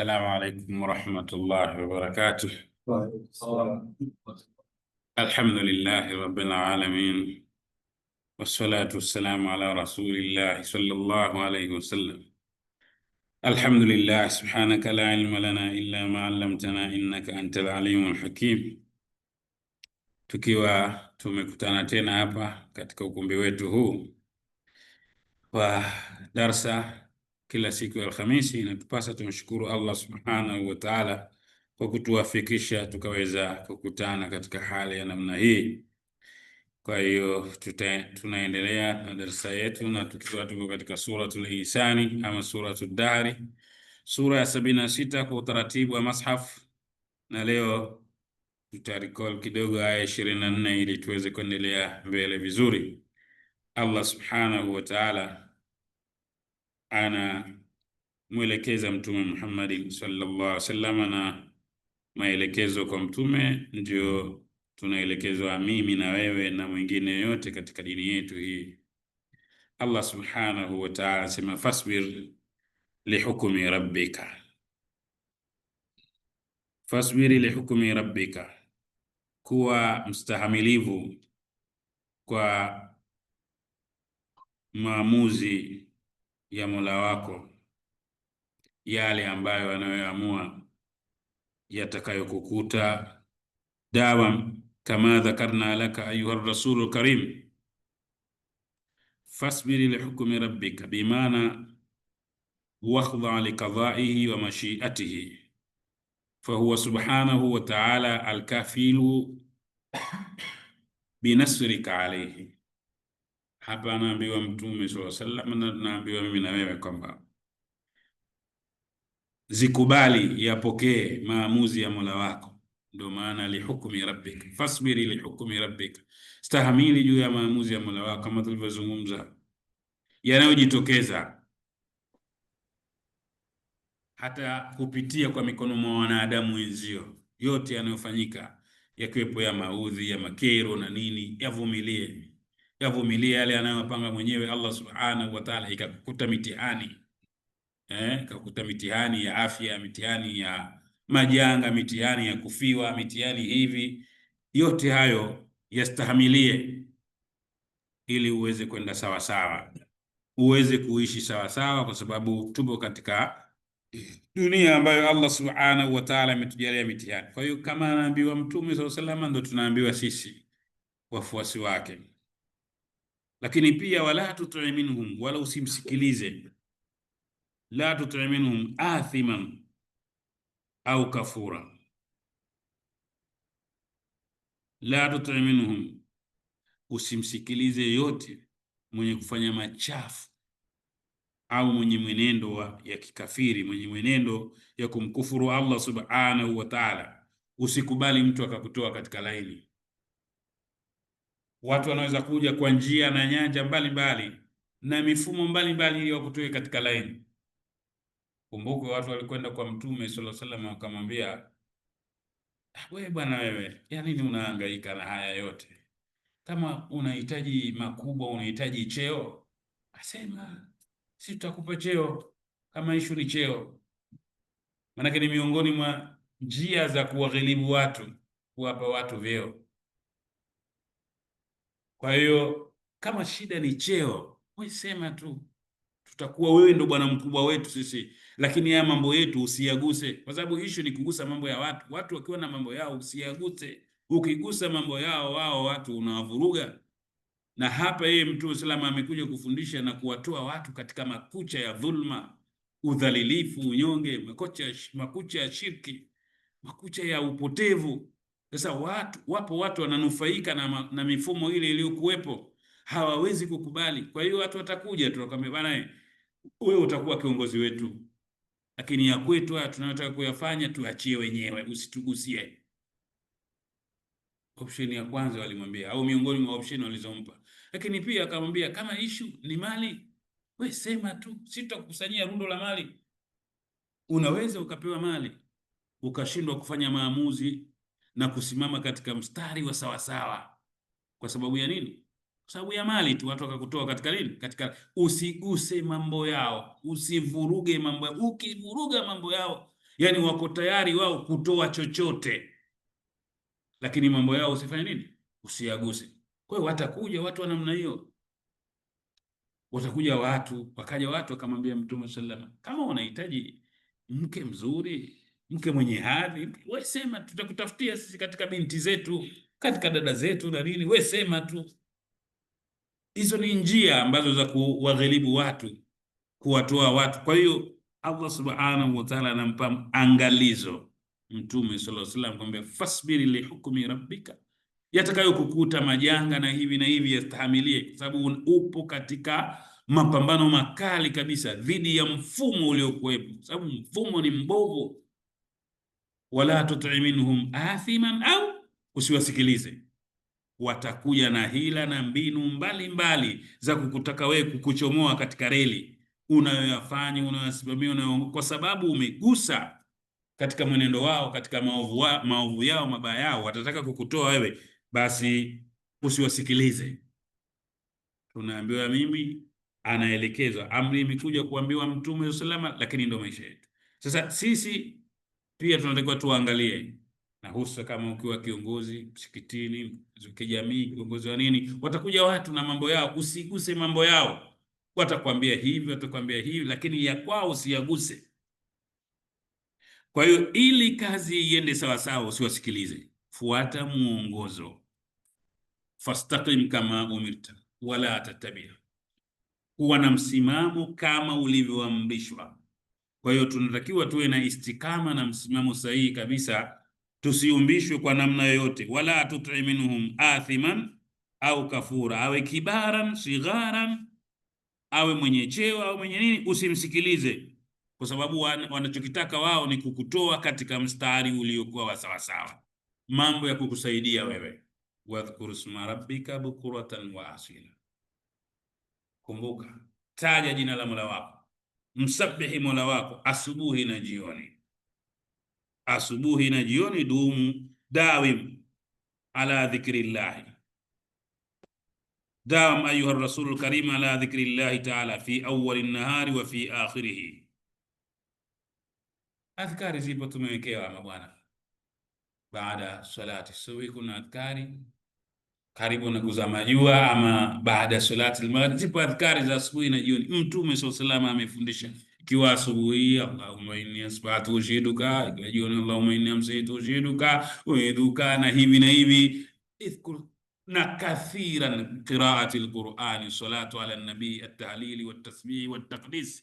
السلام عليكم ورحمة الله وبركاته الحمد لله رب العالمين والصلاة والسلام على رسول الله صلى الله عليه وسلم الحمد لله سبحانك لا علم لنا إلا ما علمتنا إنك أنت العليم الحكيم tukiwa tumekutana tena hapa katika ukumbi wetu huu wa darsa kila siku ya Alhamisi, inatupasa tumshukuru Allah subhanahu wa ta'ala kwa kutuwafikisha tukaweza kukutana katika hali ya namna hii. Kwa hiyo tunaendelea na darsa yetu na tukiwa tuko katika Suratul Insani ama Suratud Dahri, sura ya sabini na sita kwa utaratibu wa mashaf, na leo tutarecall kidogo aya ishirini na nne ili tuweze kuendelea mbele vizuri. Allah subhanahu wa ta'ala anamwelekeza Mtume Muhammadi sallallahu alaihi wasallam na maelekezo kwa Mtume ndio tunaelekezwa mimi na wewe na mwingine yote katika dini yetu hii. Allah subhanahu wa ta'ala asema fasbir lihukmi rabbika, fasbiri lihukmi rabbika, kuwa mstahamilivu kwa maamuzi ya Mola wako yale ambayo anayoamua yatakayokukuta. dawa kama dhakarna laka ayuha rasulu karim fasbiri lihukmi rabbika bimana wakhdha likadaihi wa mashiatihi fahuwa subhanahu wa ta'ala alkafilu binasrika alayhi Hapa anaambiwa Mtume sallallahu alaihi wasallam na anaambiwa mimi na wewe kwamba zikubali, yapokee maamuzi ya Mola wako. Ndio maana lihukmi rabbika fasbiri lihukmi rabbika, stahamili juu ya maamuzi ya Mola wako, kama tulivyozungumza yanayojitokeza hata kupitia kwa mikono mwa wanadamu wenzio, yote yanayofanyika yakiwepo ya maudhi ya makero na nini, yavumilie yavumilia yale anayopanga mwenyewe Allah subhanahu wa ta'ala, ikakuta mitihani eh, kakuta mitihani ya afya, mitihani ya majanga, mitihani ya kufiwa, mitihani hivi yote hayo yastahimilie, ili uweze kwenda sawa sawa, uweze kuishi sawa sawa, kwa sababu tupo katika dunia ambayo Allah subhanahu wa ta'ala ametujalia mitihani. Kwa hiyo kama anaambiwa Mtume sallallahu alaihi wasallam, ndo tunaambiwa sisi wafuasi wake lakini pia wala tuti minhum, wala usimsikilize la tuti minhum athiman au kafura. La tuti minhum, usimsikilize yote mwenye kufanya machafu au mwenye mwenendo wa ya kikafiri, mwenye mwenendo ya kumkufuru Allah subhanahu wa ta'ala. Usikubali mtu akakutoa katika laini Watu wanaweza kuja kwa njia na nyanja mbalimbali mbali, na mifumo mbalimbali ili wakutoe katika laini. Kumbuke watu walikwenda kwa Mtume sallallahu alaihi wasallam wakamwambia, we bwana wewe, ya yaani nini unahangaika na haya yote? Kama unahitaji makubwa, unahitaji cheo, asema si tutakupa cheo, kama ishu ni cheo. Maanake ni miongoni mwa njia za kuwaghilibu watu, kuwapa watu vyeo. Kwa hiyo kama shida ni cheo, wewe sema tu, tutakuwa wewe ndo bwana mkubwa wetu sisi, lakini haya mambo yetu usiyaguse, kwa sababu issue ni kugusa mambo ya watu. Watu wakiwa na mambo yao usiyaguse, ukigusa mambo yao wao watu unawavuruga. Na hapa yeye Mtume salama amekuja kufundisha na kuwatoa watu katika makucha ya dhulma, udhalilifu, unyonge, makucha, makucha ya shirki, makucha ya upotevu. Sasa watu, wapo watu wananufaika na, na mifumo ile iliyokuwepo hawawezi kukubali. Kwa hiyo watu watakuja tu wakamwambia, bwana eh, wewe utakuwa kiongozi wetu, lakini ya kwetu haya tunayotaka kuyafanya tuachie wenyewe, usitugusie. Option ya kwanza walimwambia, au miongoni mwa option walizompa, lakini pia akamwambia, kama issue ni mali, we sema tu, sisi tutakukusanyia rundo la mali. Unaweza ukapewa mali ukashindwa kufanya maamuzi na kusimama katika mstari wa sawasawa. Kwa sababu ya nini? Kwa sababu ya mali tu, watu wakakutoa katika nini? Katika usiguse mambo yao, usivuruge mambo yao. Ukivuruga mambo yao, yani wako tayari wao kutoa chochote, lakini mambo yao usifanye nini? Usiyaguse. Kwa hiyo watakuja watu wa namna hiyo, watakuja watu, wakaja watu wakamwambia Mtume sallallahu alaihi wasallam, kama unahitaji mke mzuri mke mwenye hadhi, wewe sema, tutakutafutia sisi katika binti zetu, katika dada zetu na nini, wewe sema tu. Hizo ni njia ambazo za kuwagharibu watu, kuwatoa watu. Kwa hiyo Allah subhanahu wa ta'ala anampa angalizo Mtume sallallahu alaihi wasallam kwamba fasbiri li hukmi rabbika, yatakayokukuta majanga na hivi na hivi yastahimilie, kwa sababu upo katika mapambano makali kabisa dhidi ya mfumo uliokuwepo, kwa sababu mfumo ni mbovu wala tuti minhum athiman au usiwasikilize. Watakuja na hila na mbinu mbalimbali mbali za kukutaka wewe kukuchomoa katika reli unayoyafanya unayoyasimamia unayo, kwa sababu umegusa katika mwenendo wao katika maovu, wa, maovu yao mabaya yao, watataka kukutoa wewe, basi usiwasikilize. Tunaambiwa mimi anaelekezwa, amri imekuja kuambiwa Mtume salama, lakini ndio maisha yetu sasa sisi pia tunatakiwa tuangalie na hususa kama ukiwa kiongozi msikitini, kijamii, kiongozi wa nini, watakuja watu na mambo yao, usiguse mambo yao. Watakwambia hivi, watakwambia hivi, lakini ya kwao usiyaguse. Kwa hiyo ili kazi iende sawasawa, usiwasikilize. Fuata mwongozo, fastaqim kama umirta wala tatabia, kuwa na msimamo kama ulivyoamrishwa kwa hiyo tunatakiwa tuwe na istikama na msimamo sahihi kabisa, tusiumbishwe kwa namna yoyote. Wala minhum athiman au kafura, awe kibaran sigharan, awe mwenye cheo au mwenye nini, usimsikilize kwa sababu wanachokitaka wao ni kukutoa katika mstari uliokuwa wa sawasawa, mambo ya kukusaidia wewe. Wadhkur sma rabbika bukuratan wa asila, kumbuka taja jina la Mola wako msabihi Mola wako asubuhi na jioni, asubuhi na jioni. Dumu dawim ala dhikrillahi, dawam ayuha rasulul karim ala dhikrillahi taala fi awali nahari wa fi akhirihi. Adhkari zipo tumewekewa mabwana, baada salati subuhi kuna adhkari karibu na kuzama jua ama baada ya salati al-maghrib. Zipo adhkari za asubuhi na jioni. Mtume sallallahu alayhi wasallam amefundisha ikiwa asubuhi, Allahumma inni asbahtu ushiduka, ikiwa jioni, Allahumma inni amsaytu ushiduka uiduka, na hivi na hivi ithkur na kathiran qiraati al-Qur'ani, salatu ala an-nabi at-tahlili wat-tasbihi wat-taqdis.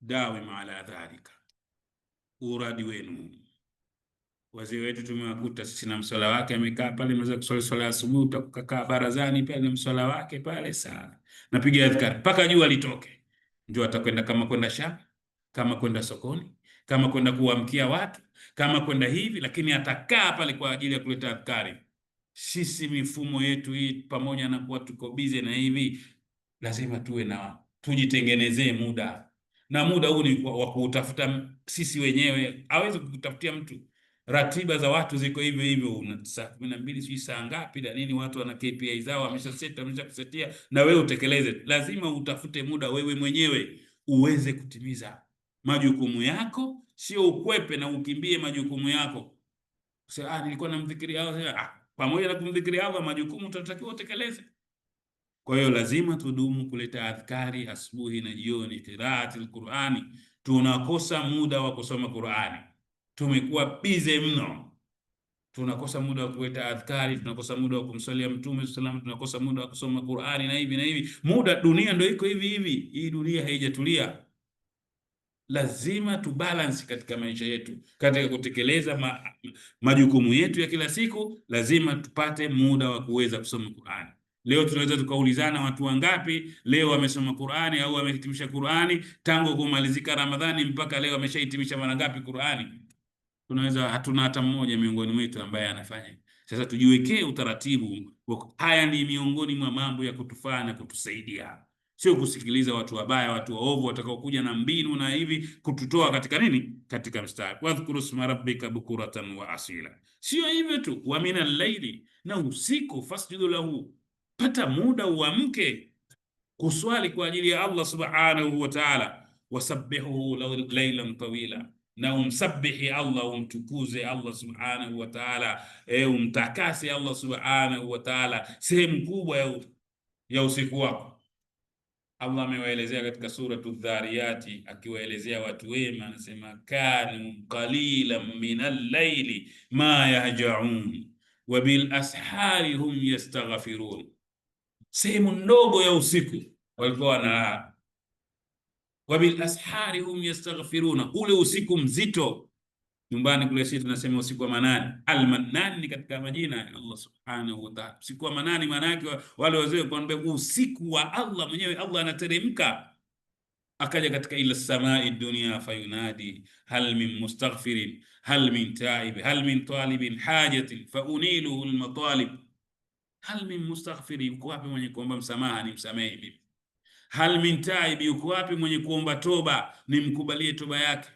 Dawim ala dhalika, uradi wenu waziri wetu tumewakuta sisi na mswala wake amekaa pale, mweza kuswali swala ya asubuhi, utakaa barazani pale na mswala wake pale, saa napiga adhkari mpaka jua litoke, ndio atakwenda kama kwenda shamba, kama kwenda sokoni, kama kwenda kuamkia watu, kama kwenda hivi, lakini atakaa pale kwa ajili ya kuleta adhkari. Sisi mifumo yetu hii, pamoja na kuwa tuko bize na hivi, lazima tuwe na tujitengenezee muda, na muda huu ni wa kuutafuta sisi wenyewe, awezi kukutafutia mtu ratiba za watu ziko hivyo hivyo, saa kumi na mbili sijui saa ngapi na nini, watu wana KPI zao wamesha set, wamesha kusetia, na wewe utekeleze. Lazima utafute muda wewe mwenyewe uweze kutimiza majukumu yako, sio ukwepe na ukimbie majukumu yako. Sasa ah, nilikuwa namdhikiri Ah, pamoja na kumdhikiria Allah, majukumu tunatakiwa utekeleze. Kwa hiyo lazima tudumu kuleta adhkari asubuhi na jioni, qiraatil Qur'ani. Tunakosa muda wa kusoma Qur'ani tumekuwa bize mno, tunakosa muda wa kuweta adhkari, tunakosa muda wa kumswalia Mtume sallam, tunakosa muda wa kusoma Qur'ani na hivi na hivi. Muda dunia ndio iko hivi hivi, hii dunia haijatulia. Lazima tubalansi katika maisha yetu, katika kutekeleza ma, majukumu yetu ya kila siku, lazima tupate muda wa kuweza kusoma Qur'ani. Leo tunaweza tukaulizana watu wangapi leo wamesoma Qur'ani au wamehitimisha Qur'ani tangu kumalizika Ramadhani mpaka leo wameshahitimisha mara ngapi Qur'ani? tunaweza hatuna hata mmoja miongoni mwetu ambaye anafanya. Sasa tujiwekee utaratibu haya, ni miongoni mwa mambo ya kutufaa na kutusaidia, sio kusikiliza watu wabaya, watu waovu watakaokuja na mbinu na hivi kututoa katika nini, katika mstari wadhkuru sma rabbika bukuratan wa asila. Sio hivyo tu, wa min al-laili, na usiku fasjudu lahu, pata muda uamke kuswali kwa ajili ya Allah subhanahu wa ta'ala, wasabbihu laylan tawila na umsabihi Allah, umtukuze Allah subhanahu wa ta'ala, e, umtakase Allah subhanahu wa ta'ala, sehemu kubwa ya, ya usiku wako. Allah amewaelezea katika suratu Dhariyati akiwaelezea watu wema, anasema kanu qalilan min al-laili ma yahjaun wa bil ashari hum yastaghfirun, sehemu ndogo ya usiku walikuwa wanalala wa bil ashari hum yastaghfiruna, ule usiku mzito. Nyumbani kule sisi tunasema usiku wa manani. Almanani ni katika majina ya Allah subhanahu wa ta'ala. Usiku wa manani maana yake wale wazee kuambia usiku wa Allah mwenyewe, Allah anateremka akaja katika ila samai dunia fayunadi hal min mustaghfirin hal min taib hal min talibin hajatin fa fauniluhu lmatalib hal min mustaghfirin, kwa wapi mwenye kuomba msamaha ni msamehe mimi Hal min taib, yuko wapi mwenye kuomba toba? Nimkubalie toba yake.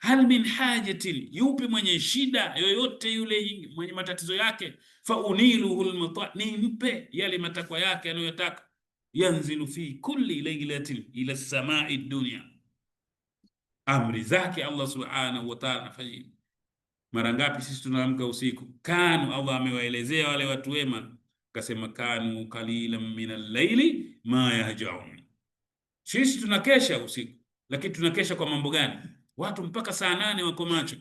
Hal min hajatin, yupi mwenye shida yoyote yule mwenye matatizo yake? Fa Fauniluhu lmata, nimpe yale matakwa yake anayotaka. Yanzilu fi kulli laylatin ila samai dunya, amri zake Allah subhanahu wa ta'ala anafanya hivi. Mara ngapi sisi tunaamka usiku? Kanu, Allah amewaelezea wale watu wema, akasema kanu qalilan min al-laili ma yahjaun. Sisi tunakesha usiku, lakini tunakesha kwa mambo gani? Watu mpaka saa nane wako macho,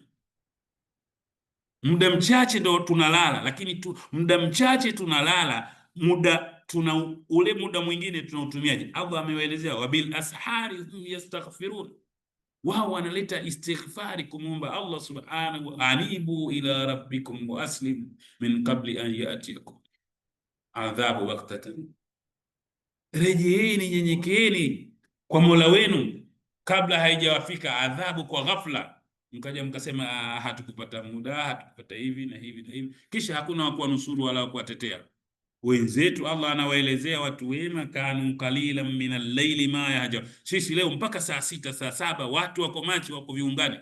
muda mchache ndo tunalala, lakini tu, muda mchache tunalala, muda tuna ule muda mwingine tunautumiaje? Allah amewaelezea wabil ashari yastaghfirun wao wanaleta istighfari kumwomba Allah subhanahu anibu ila rabbikum wa aslim min qabli an yatiakum adhabu waqtatan rejeeni, nyenyekeeni kwa Mola wenu kabla haijawafika adhabu kwa ghafla, mkaja mkasema ah, hatukupata muda, hatukupata hivi na hivi na hivi, kisha hakuna wa kuwanusuru wala kuwatetea wenzetu. Allah anawaelezea watu wema, kanu kalila min al-layli ma yahja. Sisi leo mpaka saa sita saa saba watu wako machi, wako viungani,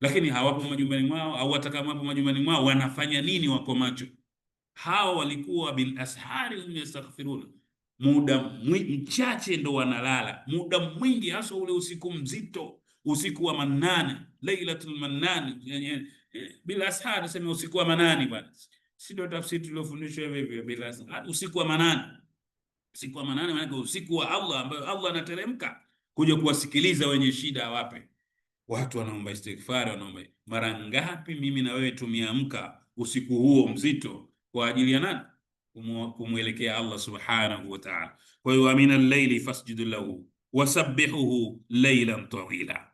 lakini hawapo majumbani mwao, au hata kama wapo majumbani mwao wanafanya nini? Wako macho. Hao walikuwa bil ashari hum yastaghfiruna muda mchache ndo wanalala, muda mwingi hasa ule usiku mzito, usiku wa manane, lailatul manani, eh, eh, eh, bila ashar sema usiku wa manani bwana, si ndo tafsiri tuliofundishwa hivi hivi, bila ashar, ah, usiku wa manane. Usiku wa manane maana usiku wa Allah ambayo Allah anateremka kuja kuwasikiliza wenye shida, awape watu wanaomba istighfar, wanaomba. Mara ngapi mimi na wewe tumeamka usiku huo mzito kwa ajili ya nani? kumwelekea Allah subhanahu wa ta'ala. Kwa hiyo wa layli fasjudu lahu wasabbihuhu laylan tawila,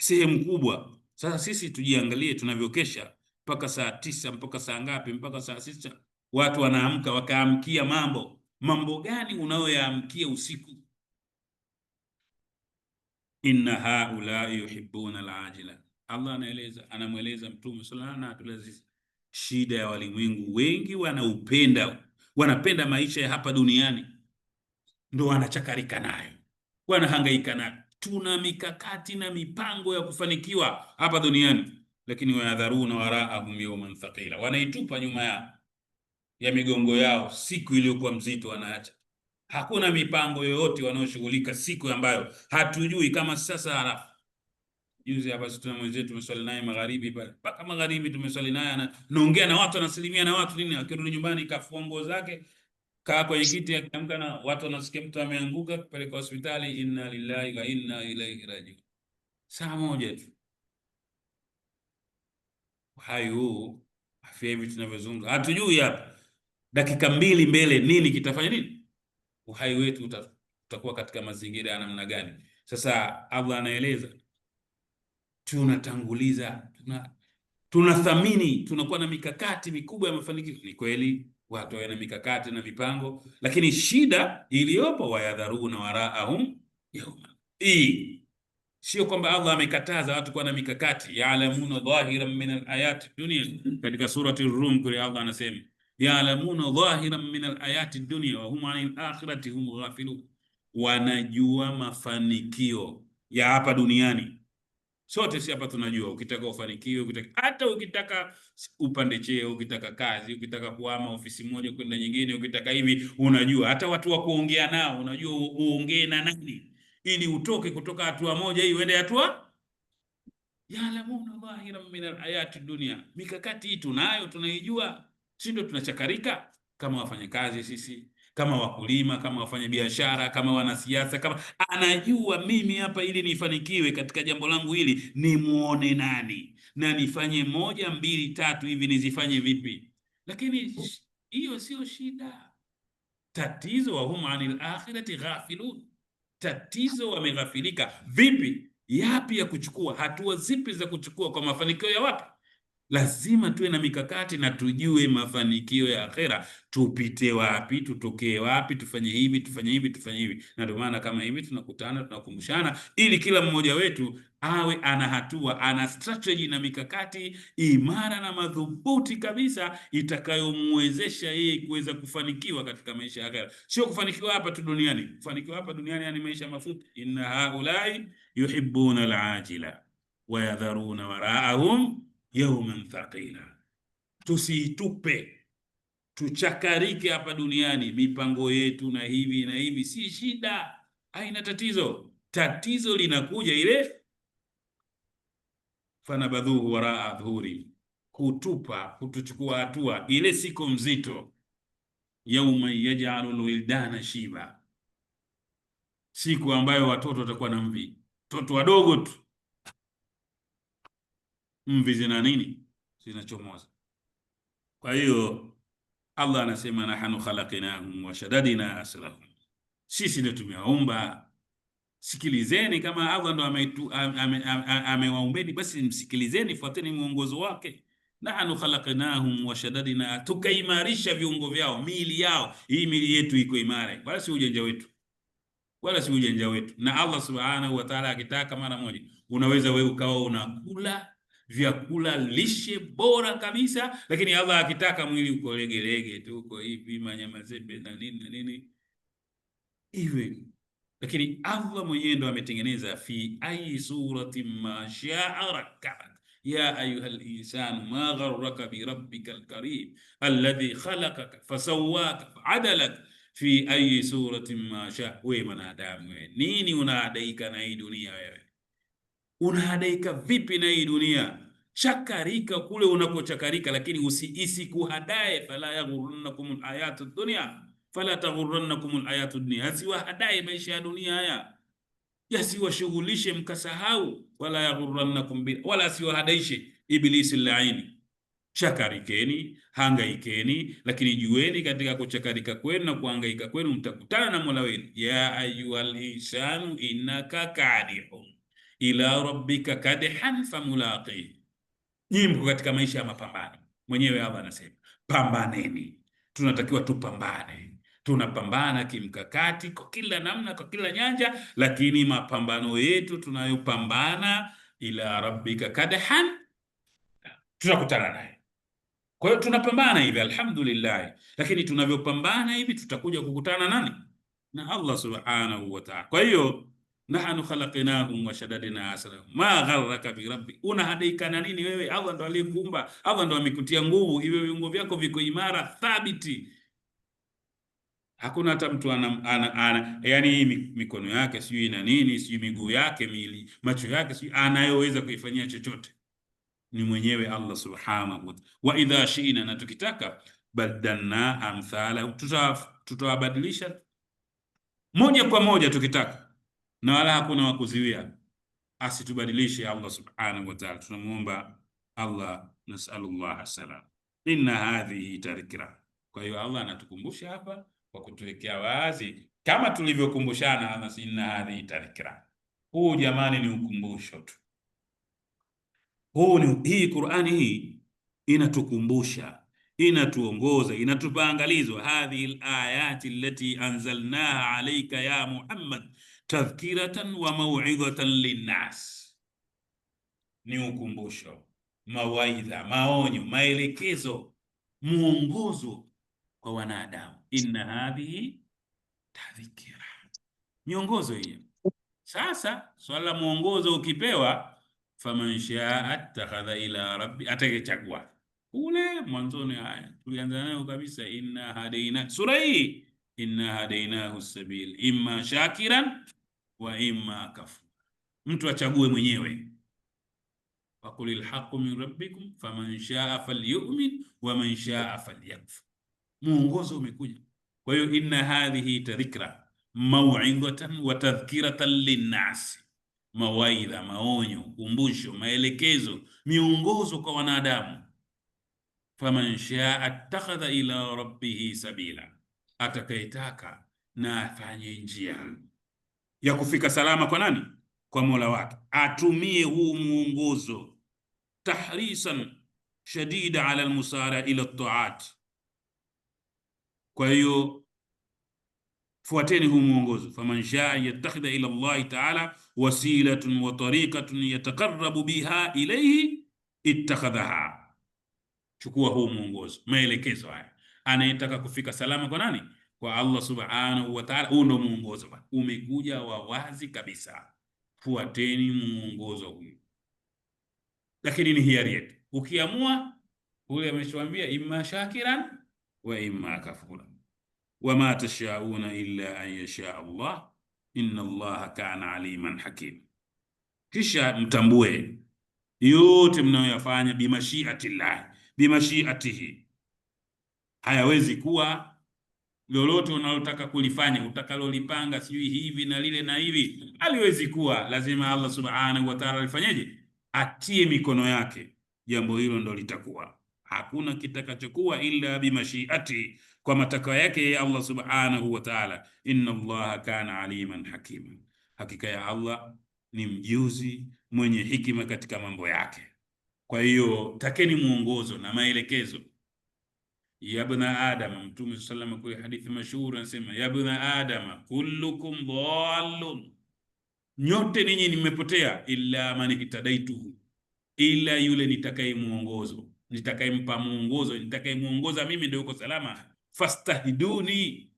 sehemu kubwa. Sasa sisi tujiangalie tunavyokesha mpaka saa tisa mpaka saa ngapi? Mpaka saa sita watu wanaamka wakaamkia mambo. Mambo gani unayoyaamkia usiku? inna haula yuhibbuna alajila, Allah anaeleza anamweleza Mtume sallallahu alaihi wasallam, shida ya walimwengu wengi wanaupenda wanapenda maisha ya hapa duniani, ndo wanachakarika nayo, wanahangaika nayo. Tuna mikakati na mipango ya kufanikiwa hapa duniani, lakini wayadharuna waraahum yawman thaqila, wanaitupa nyuma ya, ya migongo yao siku iliyokuwa mzito, wanaacha hakuna mipango yoyote wanaoshughulika siku ambayo hatujui kama sasa Juzi hapa sisi tuna mwenzetu tumeswali naye magharibi pale, mpaka magharibi tumeswali naye, anaongea na watu, anasalimia na watu nini, akirudi nyumbani kafua nguo zake, kaa kwenye kiti, akiamka na watu wanasikia mtu ameanguka, kupeleka hospitali. Inna lillahi wa inna ilaihi rajiun. Saa moja tu uhai huu, afya hivi tunavyozungumza, hatujui hapa dakika mbili mbele nini kitafanya nini, uhai wetu utakuwa katika mazingira ya namna gani? Sasa Allah anaeleza tunatanguliza tuna tunathamini tunakuwa na mikakati mikubwa ya mafanikio. Ni kweli watu wana mikakati na mipango, lakini shida iliyopo na waraahum yauma. Hii sio kwamba Allah amekataza watu kuwa na mikakati, yaalamuna dhahiran min alayati dunia. Katika surati Rum kule Allah anasema yaalamuna dhahiran min alayati dunia wa hum anil akhirati hum ghafilun, wanajua mafanikio ya hapa duniani Sote si hapa tunajua, ukitaka ufanikiwe, ukitaka hata ukitaka upande cheo, ukitaka kazi, ukitaka kuhama ofisi moja kwenda nyingine, ukitaka hivi, unajua hata watu wa kuongea nao, unajua uongee na nani ili utoke kutoka hatua moja hii uende hatua yalamuna dhahira min alhayati dunia. Mikakati hii tunayo, tunaijua, si ndio? Tunachakarika kama wafanyakazi sisi kama wakulima, kama wafanya biashara, kama wanasiasa, kama anajua mimi hapa, ili nifanikiwe katika jambo langu hili, nimuone nani na nifanye moja mbili tatu hivi, nizifanye vipi? Lakini hiyo sio shida. Tatizo wahum anil akhirati ghafilun, tatizo wameghafilika. Vipi, yapi ya kuchukua, hatua zipi za kuchukua kwa mafanikio ya wapi Lazima tuwe na mikakati na tujue mafanikio ya akhera, tupite wapi, tutokee wapi, tufanye hivi, tufanye hivi, tufanye hivi. Na ndio maana kama hivi tunakutana, tunakumbushana, ili kila mmoja wetu awe ana hatua, ana strategy na mikakati imara na madhubuti kabisa itakayomwezesha yeye kuweza kufanikiwa katika maisha ya akhera, sio kufanikiwa hapa tu duniani. Kufanikiwa hapa duniani yani maisha mafupi, inna haulai yuhibbuna alajila wayadharuna waraahum yauman thaqila, tusiitupe tuchakarike hapa duniani. Mipango yetu na hivi na hivi si shida, haina tatizo. Tatizo linakuja ile fanabadhuhu waraa dhuhuri, kutupa kutuchukua hatua ile siku mzito. Yauma yajalu lwildana shiba, siku ambayo watoto watakuwa na mvi, watoto wadogo tu mvi zina nini? Zinachomoza. Kwa hiyo Allah anasema nahnu khalaqnahum wa shadadina asrahum sisi ndio tumewaumba. Sikilizeni, kama Allah ndo amewaumbeni, ame, ame basi msikilizeni, fuateni mwongozo wake. Nahnu khalaqnahum wa shadadina, tukaimarisha viungo vyao, miili yao. Hii miili yetu iko imara, wala si ujanja wetu, wala si ujanja wetu. Na Allah subhanahu wa ta'ala akitaka, mara moja unaweza wewe ukawa unakula vyakula lishe bora kabisa, lakini Allah akitaka mwili uko legelege tu, uko hivi manyama zepe na nini na nini hivi, lakini Allah mwenyewe ndo ametengeneza fi ai surati ma shaa rakabak ya ayuha linsanu ma gharraka birabbika lkarim alladhi khalakaka fasawaka faadalaka fi ayi surati ma shaa. We mwanadamu, we nini unaadaika na hii dunia wewe unahadaika vipi na hii dunia? Chakarika kule unakochakarika, lakini usiisi kuhadae. fala yaghurrannakum ayatu dunya fala taghurrannakum ayatu dunya, yasiwahadae maisha ya dunia haya, yasiwashughulishe mkasahau. wala yaghurrannakum bi wala siwahadaishe iblisi laini. Chakarikeni, hangaikeni, lakini jueni katika kuchakarika kwenu na kuhangaika kwenu mtakutana na Mola wenu. ya ayuhal insanu innaka kadihun ila rabbika kadhan famulaqi. Nyinyi mko katika maisha ya mapambano, mwenyewe hapa anasema pambaneni, tunatakiwa tupambane. Tunapambana kimkakati kwa kila namna, kwa kila nyanja, lakini mapambano yetu tunayopambana, ila rabbika kadhan, tutakutana naye. Kwa hiyo tunapambana hivi, alhamdulillah, lakini tunavyopambana hivi tutakuja kukutana nani? Na Allah subhanahu wa ta'ala. Kwa hiyo nahnu khalaqnahum wa shaddadna asrahum ma gharraka bi rabbi, una unahadaika na nini wewe? Allah ndo aliyekuumba, Allah ndo amekutia nguvu, iwe viungo vyako viko imara thabiti. Hakuna hata mtu ana, ana, ana yani mikono yake sijui na nini sijui miguu yake mili macho yake sijui anayoweza kuifanyia chochote ni mwenyewe Allah subhanahu wa ta'ala. Wa idha shiina na tukitaka badalna amthala, tutawabadilisha moja kwa moja tukitaka na wala hakuna wa kuziwia, asitubadilishe Allah subhanahu wa ta'ala. Tunamuomba Allah, nasalullah salam. Inna hadhihi tadhkira. Kwa hiyo Allah anatukumbusha hapa kwa kutuwekea wazi kama tulivyokumbushana, inna hadhihi tadhkira. Huu jamani ni ukumbusho tu huu ni, hii Qur'ani hii inatukumbusha inatuongoza inatupa angalizo, hadhihi alayati allati anzalnaha alayka ya Muhammad tadhkiratan wa mauidhatan linnas, ni ukumbusho, mawaidha, maonyo, maelekezo, muongozo kwa wanadamu. Inna hadhihi tadhkira, miongozo hiyo. Sasa swala la mwongozo ukipewa, faman shaa attakhadha ila rabbi, atakechagua kule mwanzoni. Haya tulianza nayo kabisa, inna hadaina sura hii, inna hadainahu sabil imma shakiran wa imma kafura, mtu achague mwenyewe. Wakulil lhaqu min rabbikum faman shaa falyu'min wa man shaa falyakfur. Muongozo umekuja. Kwa hiyo inna hadhihi tadhkira maw'idhatan wa tadhkiratan linnasi, mawaidha, maonyo, kumbusho maelekezo, miongozo kwa wanadamu. Faman shaa attakhadha ila rabbihi sabila, atakayetaka na afanye njia ya kufika salama kwa nani? Kwa Mola wake. Atumie huu muongozo tahrisan shadida ala almusara ila taat. Kwa hiyo fuateni huu muongozo, faman shaa yattakhidha ila Allahi taala wasilatun wa tariqatun yataqarrabu biha ilayhi ittakhadhaha. Chukua huu muongozo, maelekezo haya, anayetaka kufika salama kwa nani? kwa Allah subhanahu wa ta'ala. Huu ndo muongozo umekuja wa wazi kabisa, fuateni muongozo huu, lakini ni hiari yetu. Ukiamua ule ameshawaambia, imma shakiran wa imma kafura wama tashauna illa an yasha Allah inna Allah kana aliman hakim. Kisha mtambue yote mnayoyafanya bimashiatillahi bimashiatihi, hayawezi kuwa lolote unalotaka kulifanya, utakalolipanga, sijui hivi na lile na hivi, aliwezi kuwa, lazima Allah subhanahu wa ta'ala alifanyeje? Atie mikono yake, jambo hilo ndo litakuwa. Hakuna kitakachokuwa illa bimashiati, kwa matakwa yake ya Allah subhanahu wa ta'ala. Inna Allaha kana aliman hakima, hakika ya Allah ni mjuzi mwenye hikima katika mambo yake. Kwa hiyo takeni mwongozo na maelekezo yabna adama, Mtume saa salam kule hadithi mashuhuri anasema yabna adama kullukum dhalun nyote ninyi nimepotea, illa man hitadaituhu, ila yule nitakai muongozo nitakayempa muongozo nitakayemuongoza mimi ndio yuko salama. Fastahiduni,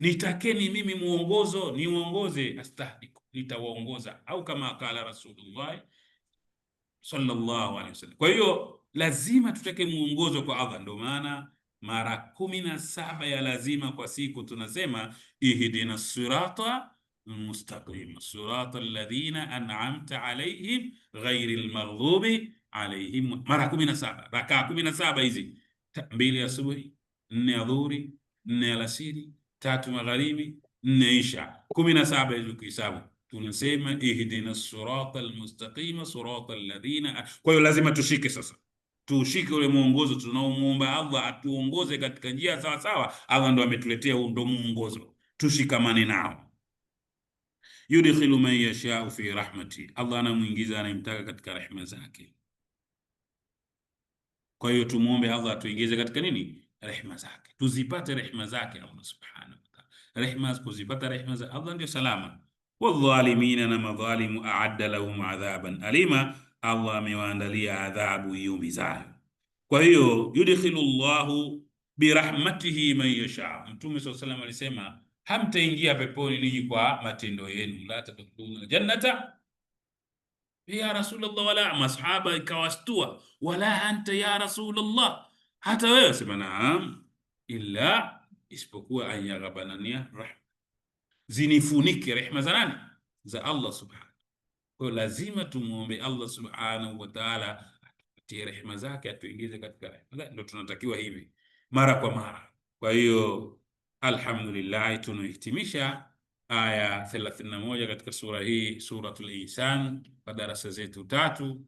nitakeni mimi muongozo, niuongoze. Astahdiku, nitawaongoza, au kama kala Rasulullah sallallahu alaihi wasallam. Kwa hiyo lazima tuteke muongozo kwa Allah. Ndio maana mara kumi na saba ya lazima kwa siku tunasema ihdina sirata almustaqim sirata alladhina an'amta alayhim ghayril maghdubi alayhim, mara kumi na saba rakaa kumi na saba hizi mbili asubuhi, nne adhuhuri, nne alasiri, tatu magharibi, nne isha, kumi na saba hizi kuhesabu tunasema ihdina sirata almustaqima sirata alladhina. Kwa hiyo lazima tushike sasa tushike ule mwongozo tunaomuomba Allah atuongoze katika njia sawa sawa. Allah ndo ametuletea huo ndo mwongozo, tushikamane nao. Yudkhilu man yashau fi rahmati, Allah anamwingiza anayemtaka katika rehema zake. Kwa hiyo tumuombe Allah atuingize katika nini? Rehema zake, tuzipate rehema zake Allah subhanahu wa ta'ala. Rehema kuzipata rehema za Allah ndio salama. Wadhalimina, na madhalimu, aadda lahum adhaban alima Allah amewaandalia adhabu iumizayo. Kwa hiyo yudkhilu llahu birahmatihi man yasha. Mtume sallallahu alayhi alisema hamtaingia peponi ninyi kwa matendo yenu, la tadkhuluna jannata ya Rasulullah. Wala masahaba ikawastua, wala anta ya Rasulullah, hata wewe sema naam, illa isipokuwa anyaghabanania rahma, zinifunike rehma za nani? Za Allah subhanahu kwa lazima tumuombe Allah subhanahu wa ta'ala atupatie rehema zake, atuingize katika rehema zake, ndio tunatakiwa hivi mara kwa mara. Kwa hiyo alhamdulillah, tunahitimisha aya 31 katika sura hii suratul Insan kwa darasa zetu tatu.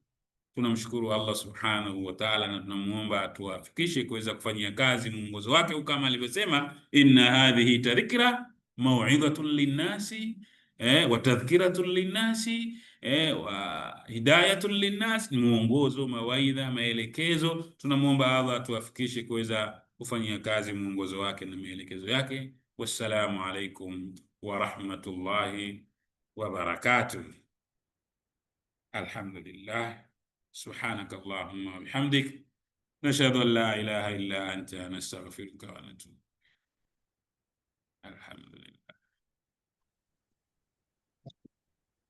Tunamshukuru Allah subhanahu wa ta'ala na tunamuomba atuwafikishe kuweza kufanyia kazi mwongozo wake kama alivyosema, inna hadhihi tadhkira mau'idhatun linnasi eh, wa tadhkiratun linnasi eh, wa hidayatun linnas ni mwongozo, mawaidha, maelekezo. Tunamwomba Allah tuwafikishe kuweza kufanyia kazi mwongozo wake na maelekezo yake. Wassalamu alaikum wa rahmatullahi wa Alhamdulillah, subhanaka allahumma wa nashhadu an la ilaha illa anta nastaghfiruka wa natubu. Alhamdulillah.